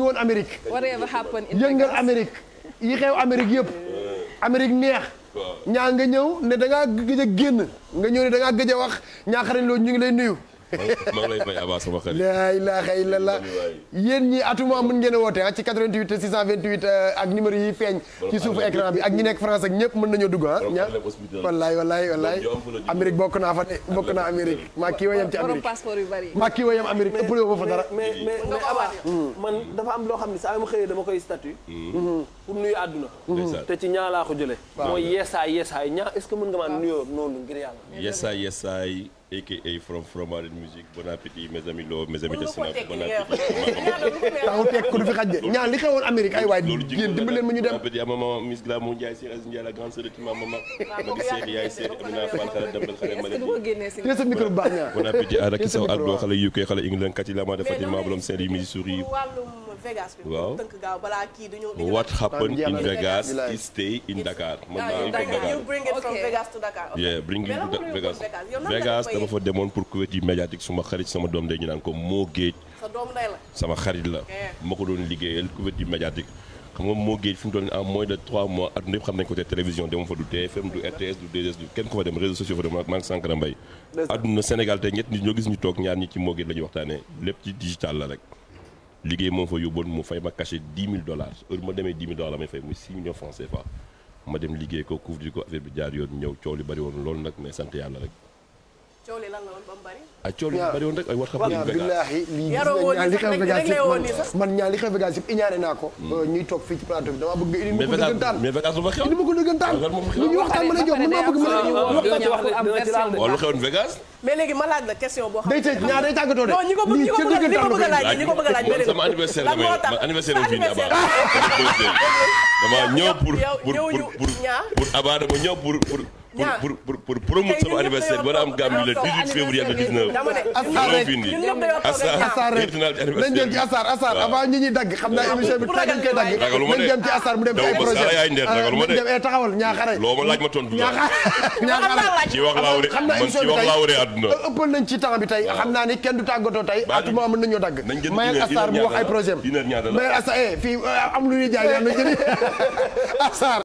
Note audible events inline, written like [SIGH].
woon Amérique yëngal Amérique yi xew Amérique yëpp oh. Amérique neex ñaa nga ñëw ne danga ngaa a génn nga ñëw ne da ngaa a wax ñaa xarañ lool ñu ngi lay nuyu maa laa ilaaha illallah yéen ñi atuma mën ngeen a woote ah ci 88 628 euh, ak numéro yi feeñ. ci suufu écran bi ak ñi nekk France ak ñëpp mën nañoo dugg ah. wallaay wallaay wallaay Amérique bokk naa fa de bokk naa Amérique maa kii wayam ci Amérique passeport yu bari maa kii wayam Amérique fa dara. mais mais man dafa am loo xam ni saa yu ma xëyee dama koy statut. Hmm. Hmm. pour nuyu àdduna te ci ñaa laa mooy yeesaay yeesaay ñaa est aka from from Arène Musique bon appétit mes amis loo mes amis de Sénat bon appétit taxu teg ku du fi xaj de ñaan li xewoon Amérique ay waay ma ñu dem appétit de Tima mama ma gi Seydou yaay Seydou Amina Fall xale dembal baax happen in Vegas is stay in Dakar. mën naa leen ko Dakar you bring it from Vegas to Dakar. yeah bring sama doom day ñu naan ko moo géej. sa doom day la. sama xarit la. ma ko doon liggéeyal couverture médiatique. xam nga moo géej fi mu toll nii en moins de 3 mois àdduna yëpp xam nañ ko te télévision dama fa du TFM du RTS du DDS du kenn ko fa dem réseaux sociaux fa dem maa ngi Sankara Mbaye. àdduna Sénégal te ñett nit ñoo gis ñu toog ñaar ñi ci moo géej la ñuy waxtaanee lépp ci digital la rek. liggéey moom fa yóbboon mu fay ma caché dix mille dollars heure ma demee dix mille dollars la may fay muy six millions francs CFA ma dem liggéey ko couvrir ko affaire bi jaar yoon ñëw coow li bari woon loolu nag mais sant yàlla rek. coow li lan la woon ba mu bari. ah coow li bari woon rek ay war xam ne li xew Vegas yëpp man ñaar li xew Vegas yëpp iñaane naa ko. Hmm. Euh, ñuy toog fii ci plateau bi dama bëgg indi ma ko dëggantaan mais Vegas lu fa xew. indi ma ko dëggantaan lu ñu waxtaan mën a jóg mën naa bëgg mën a jóg. waaw lu xewoon Vegas. mais léegi ma laaj la question boo xam ne. day tëj ñaar day tàggatoo de. ñi ko bëgg a laaj ñi ko bëgg a laaj bëri sama anniversaire la may anniversaire la fii nii Abba. dama ñëw pour [LAUGHS] pour pour pour Abba dama ñëw pour pour pour pour pour promouvoir sama anniversaire war a am gàmm bi le 18 février ak le 19. asaar rek asaar ci asaar asaar avant ñi dagg xam naa ci asaar mu dem ci ay projet mu ci wax laaw de man ci wax ci temps bi tey xam naa ni kenn dagg. mayel asaar mu wax ay projet mayel asaar